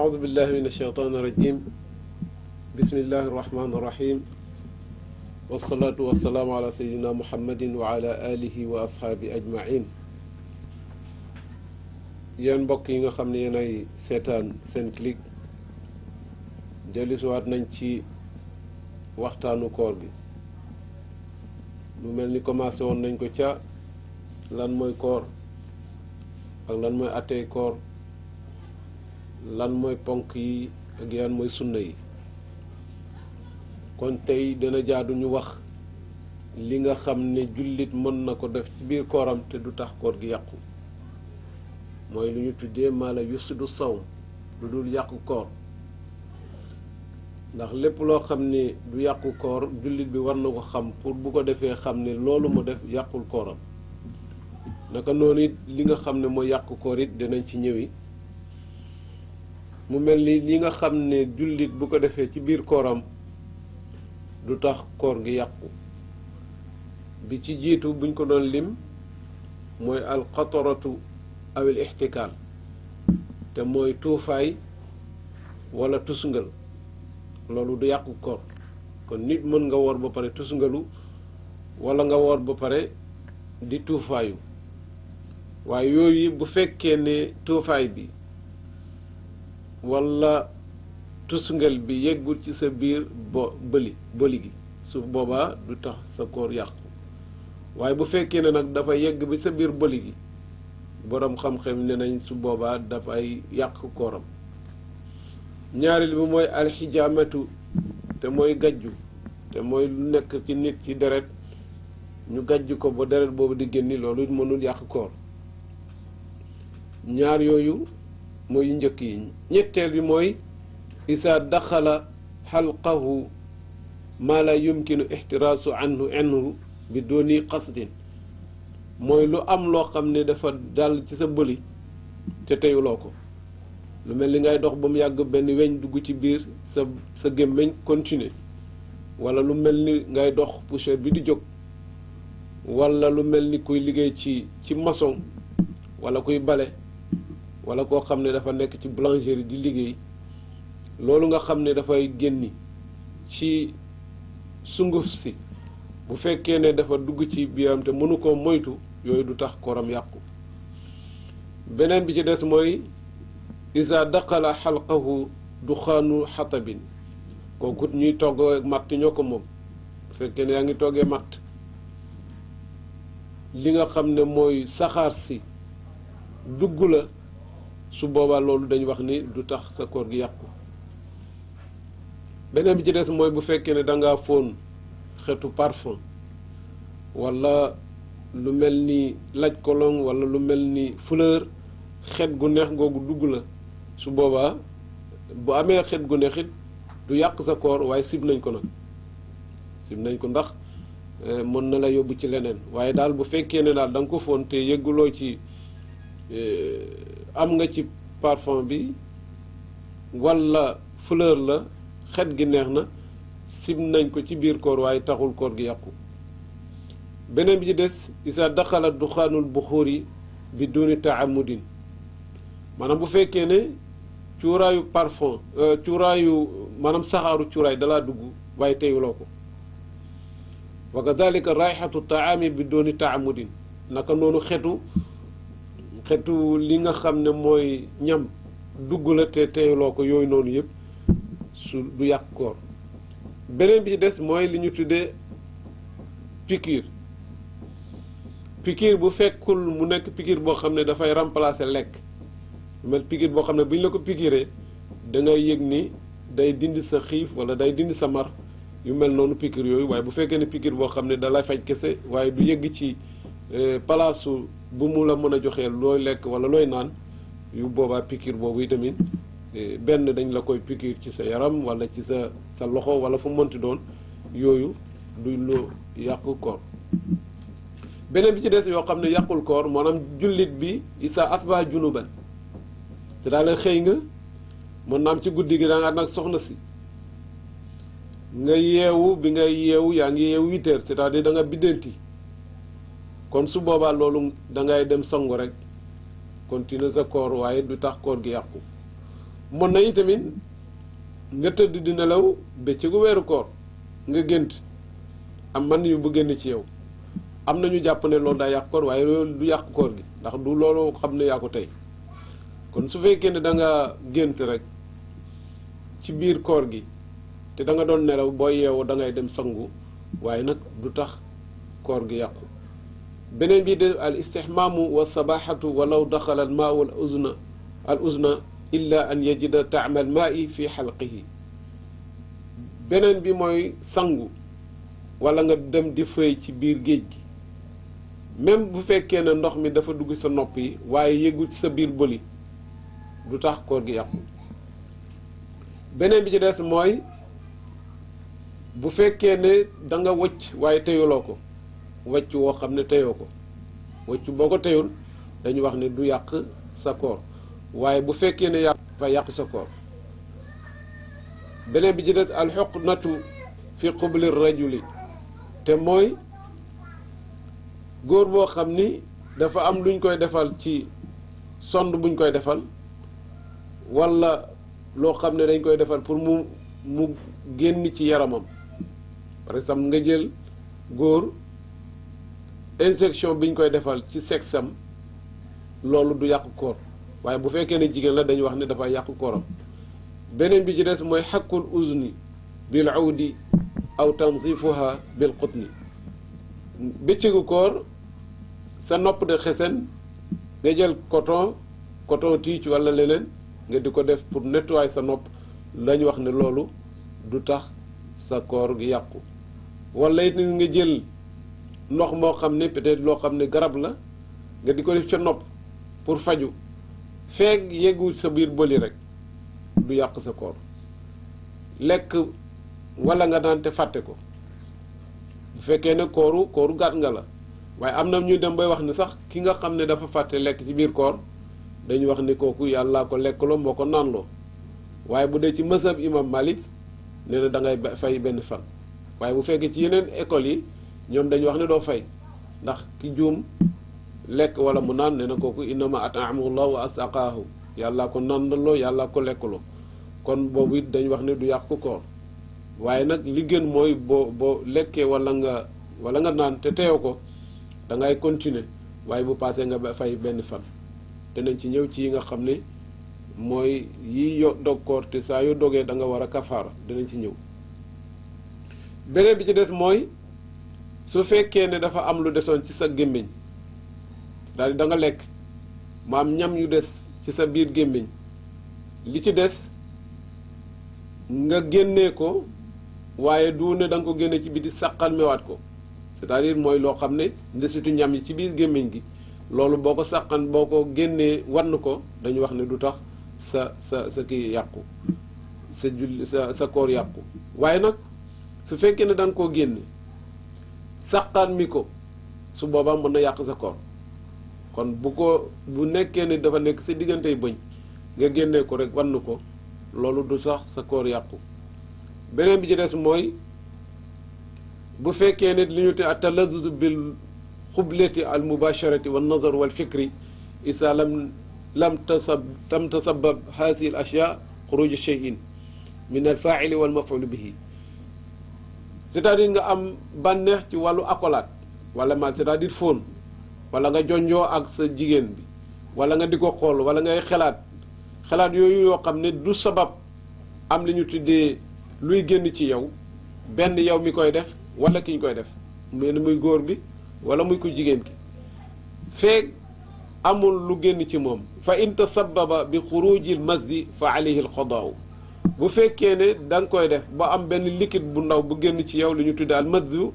أعوذ بالله من الشيطان الرجيم بسم الله الرحمن الرحيم والصلاة والسلام على سيدنا محمد وعلى آله وأصحابه أجمعين yéen mbokk yi nga xam ne yéen ay seetaan Senclic dellusiwaat nañ ci waxtaanu koor gi mu mel ni commencé woon nañ ko ca lan mooy koor ak lan mooy attey koor lan mooy ponk yi ak yan mooy sunna yi kon tey dana jaadu ñu wax li nga xam ne jullit mën na ko def ci biir kooram te du tax koor gi yàqu mooy lu ñu tuddee maa la yusidu saw du dul yàqu koor ndax lépp loo xam ne du yàqu koor jullit bi war na ko xam pour bu ko defee xam ne loolu mu def yàqul kooram naka noonu it li nga xam ne mooy yàqu koor it dinañ ci ñëwi mu mel ni li nga xam ne jullit bu ko defee ci biir kooram du tax koor gi yàqu bi ci jiitu buñ ko doon lim mooy alxataratu awil ixtikaal te mooy tuufaay wala tusngal loolu du yàqu koor kon nit mën nga woor ba pare tusngalu wala nga woor ba pare di tuufaayu waaye yooyu bu fekkee ne tuufaay bi wala tusngal bi yeggul ci sa biir bo bëli bëli gi su boobaa du tax sa koor yàqu waaye bu fekkee ne nag dafa yegg bi sa biir bëli gi boroom xam-xam ne nañ su boobaa dafay yàq kooram ñaareel bi mooy alxijaamatu te mooy gajju te mooy lu nekk ci nit ci deret ñu gajj ko ba deret boobu di génni loolu mënul yàq koor ñaar yooyu mooy yu njëkk yi ñetteel bi mooy isaa daxala xalqahu maa la yumkinu ixtiraasu anhu anhu bi dooni qasdin mooy lu am loo xam ne dafa dal ci sa bëli te teyuloo ko lu mel ni ngay dox ba mu yàgg benn weñ dugg ci biir sa sa gémmiñ continuer wala lu mel ni ngay dox poussière bi di jóg wala lu mel ni kuy liggéey ci ci maçon wala kuy bale wala koo xam ne dafa nekk ci boulangerie di liggéey loolu nga xam ne dafay génni ci sunguf si bu fekkee ne dafa dugg ci biiram te mënu koo moytu yooyu du tax kooram yàqu beneen bi ci des mooy isa daqala xalqahu duxaanu xatabin kooku ñuy togg matt ñoo ko moom bu fekkee ne yaa ngi toggee matt li nga xam ne mooy saxaar si dugg la su boobaa loolu dañu wax ni du tax sa koor gi yàqu beneen bi ci des mooy bu fekkee ne da ngaa fóon xeetu parfum wala lu mel ni laj kolong wala lu mel ni fleur xet gu neex googu dugg la su boobaa bu amee xet gu neexit it du yàq sa koor waaye sib nañ ko nag sib nañ ko ndax eh, mën na la yóbbu ci leneen waaye daal bu fekkee ne daal danga ko foon te yëgguloo ci eh, am nga ci parfum bi walla fleur la xet gi neex na sim nañ ko ci biir koor waaye taxul koor gi yàqu beneen bi ci des isa daxala bu buxuur yi bi duni din maanaam bu fekkee ne cuuraayu parfum euh, cuuraayu maanaam saxaaru cuuraay dalaa dugg waaye teyuloo ko wa kadalika raihatu taami bi duni taamudin naka noonu xetu xetu li nga xam ne mooy ñam dugg la te teyloo ko yooyu noonu yëpp su du yàq koor beneen bi ci des mooy li ñu tuddee piqûre piqûre bu fekkul mu nekk piqûre boo xam ne dafay remplacer lekk mel piqûre boo xam ne bu ñu la ko piqûree dangay yëg ni day dindi sa xiif wala day dindi sa mar yu mel noonu piqûre yooyu waaye bu fekkee ne piqûre boo xam ne da faj kese waaye du yëgg ci Euh, palaasu bu mu la mën a joxee looy lekk wala looy naan yu boobaa pikiir boobu itamit euh, benn dañ la koy pikiir ci sa yaram walla ci sa sa loxo wala fu mënti doon yooyu du lu yàq koor beneen bi ci des yoo xam ne yàqul koor maanaam jullit bi isa asba junuban te daa xëy nga mën naa am ci guddi gi da soxna si nga yeewu bi nga yeewu yaa ngi yeewu huit heures c'est-à-dire da nga biddanti kon su boobaa loolu dangay dem sangu rek continuer sa koor waaye du tax koor gi yàqu mën na itamit nga tëdd di nelaw bëccëgu weeru koor nga gént am man yu bu génn ci yow am na ñu jàpp ne loolu daa yàq koor waaye loolu du yàq koor gi ndax du loolu xam ne yaa ko tey kon su fekkee ne danga gént rek ci biir koor gi te danga doon nelaw boo yeewu dangay dem sangu waaye nag du tax koor gi yàqu beneen bi de al istihmaamu wa sabaxatu walaw daxala al maau al uzna al uzna illa an yajida taama al maai fi xalqihi beneen bi mooy sangu wala nga dem di fëy ci biir géej gi même bu fekkee ne ndox mi dafa dugg sa nopp yi waaye yëgu ci sa biir bëli du tax koor gi yàqu beneen bi ci des mooy bu fekkee ne da nga wëcc waaye teyuloo ko wàcc woo xam ne teyoo ko wàcc boo ko teyul dañu wax ne du yàq sa koor waaye bu fekkee ne yàq yàq sa koor beneen bi ci des alxuqnatu fi qubli rajuli te mooy góor boo xam ni dafa am luñ koy defal ci sond buñ koy defal walla loo xam ne dañ koy defal pour mu mu génn ci yaramam par exemple nga jël góor injection bi ñu koy defal ci sexe loolu du yàqu koor waaye bu fekkee ne jigéen la dañu wax ne dafa yàqu kooram beneen bi ci des mooy xakkul uzni bil awdi aw tanzifuha bil qutni bëccëgu koor sa nopp de xesen nga jël coton coton tige walla leneen nga di ko def pour nettuwaay sa nopp lañ wax ne loolu du tax sa koor gi yàqu wala it nga jël ndox moo xam ne peut loo xam ne garab la nga di ko def ca nopp pour faju feeg yeggu sa biir bëli rek du yàq sa koor lekk wala nga naan te fàtte ko bu fekkee ne kooru kooru gàtt nga la waaye am na ñu dem bay wax ne sax ki nga xam ne dafa fàtte lekk ci biir koor dañu wax ni kooku yàllaa ko lekk loo moo ko naanloo waaye bu dee ci mazhab imam Malik nee na da ngay fay benn fan waaye bu fekkee ci yeneen écoles yi ñoom dañu wax ne doo fay ndax ki juum lekk wala mu naan ne na kooku innama at'amahu wa asaqaahu yàllaa ko nandaloo yàllaa ko lekkuloo kon boobu it dañ wax ne du yàqu koor waaye nag li gën mooy boo boo lekkee wala nga wala nga naan te teew ko dangay ngay continuer waaye bu paasee nga fay benn fan danañ ci ñëw ci yi nga xam ne mooy yi yo dog koor te saa yoo dogee danga nga war a kafaara danañ ci ñëw beneen bi ci des mooy su fekkee ne dafa am lu desoon ci sa gémmiñ dal di da nga lekk mu am ñam yu des ci sa biir gémmiñ li ci des nga génnee ko waaye du ne danga ko génne ci biti sàqal mewaat ko cest à mooy loo xam ne ndesitu ñam yi ci biir gémmiñ gi loolu boo ko sàqan boo ko génnee wann ko dañu wax ne du tax sa sa sa kii yàqu sa julli sa sa koor yàqu waaye nag su fekkee ne danga koo génne saqaan mi ko su boobaa mën na yàq sa koor kon bu ko bu nekkee ne dafa nekk sa diggantey bëñ nga génnee ko rek wann ko loolu du sax sa koor yàqu beneen bi ci des mooy bu fekkee ne li ñu te atalazuz bil xubleti al mubasharati wal nazar wal fikri isa lam lam tasab lam tasabab haasi al ashya xuruj cheyin min al faaili wal mafaulu bihi cest nga am bànneex ci wàllu accolade wala ma c'est-à-dire fóon wala nga jonjoo ak sa jigéen bi wala nga di ko xool wala ngay xalaat xalaat yooyu yoo xam ne du sabab am li ñu tuddee luy génn ci yow benn yow mi koy def wala ki ñu koy def mel muy góor bi wala muy ko jigéen ki feeg amul lu génn ci moom fa in tasababa bi xurujil masdi fa alayhi alqadaa bu fekkee ne da koy def ba am benn liquide bu ndaw bu génn ci yow lu ñu tuddee almadhu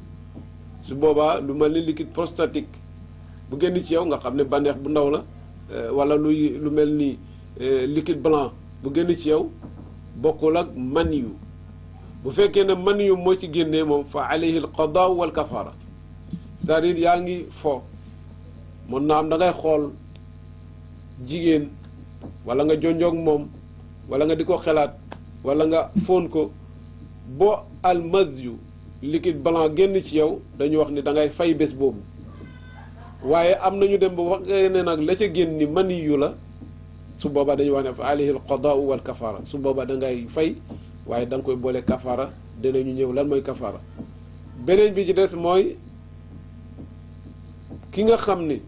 su boobaa lu mel ni liquide prostatik bu génn ci yow nga xam ne bànneex bu ndaw la euh, wala luy lu mel ni euh, liquide blanc bu génn ci yow bokkul ak yu bu fekkee ne yu moo ci génnee moom fa alayhi alqada wal kafaara cest à yaa ngi fo mën na am da xool jigéen wala nga jonjoog moom wala nga di ko xelaat wala nga fóon ko boo almazyu liquide blanc génn ci yow dañu wax ni da ngay fay bés boobu waaye am nañu dem ba wax ne nag la ca génn ni mani yu la su booba dañu wax ne fa alayhi al qadaau wal kafaara su boobaa da ngay fay waaye da nga koy boole kafaara ñu ñëw lan mooy kafaara beneen bi ci des mooy ki nga xam ni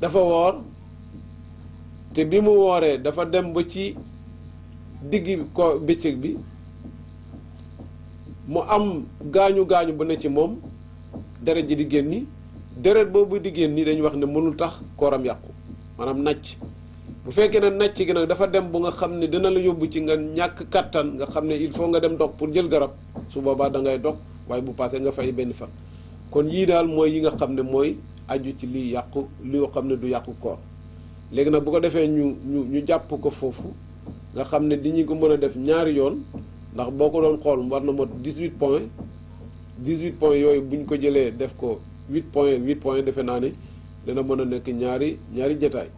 dafa woor te bi mu wooree dafa dem ba ci digg ko bëccëg bi mu am gaañu gaañu bu ne ci moom deret ji di génn génni deret boobu di génni dañuy wax ne mënul tax kooram yàqu maanaam nàcc bu fekkee ne nàcc gi nag dafa dem bu nga xam ne dina la yóbbu ci nga ñàkk kàttan nga xam ne il faut nga dem dog pour jël garab su boobaa dangay ngay waaye bu paasee nga fay benn fan kon yii daal mooy yi nga xam ne mooy aju ci liy yàqu li nga xam ne du yàqu koor léegi nag bu ko defee ñu ñu ñu jàpp ko foofu nga xam ne di ñu ko mën a def ñaari yoon ndax boo ko doon xool war na mot 18 points 18 points yooyu bu ñu ko jëlee def ko 8 points 8 points defe naa ni dana mën a nekk ñaari ñaari jataay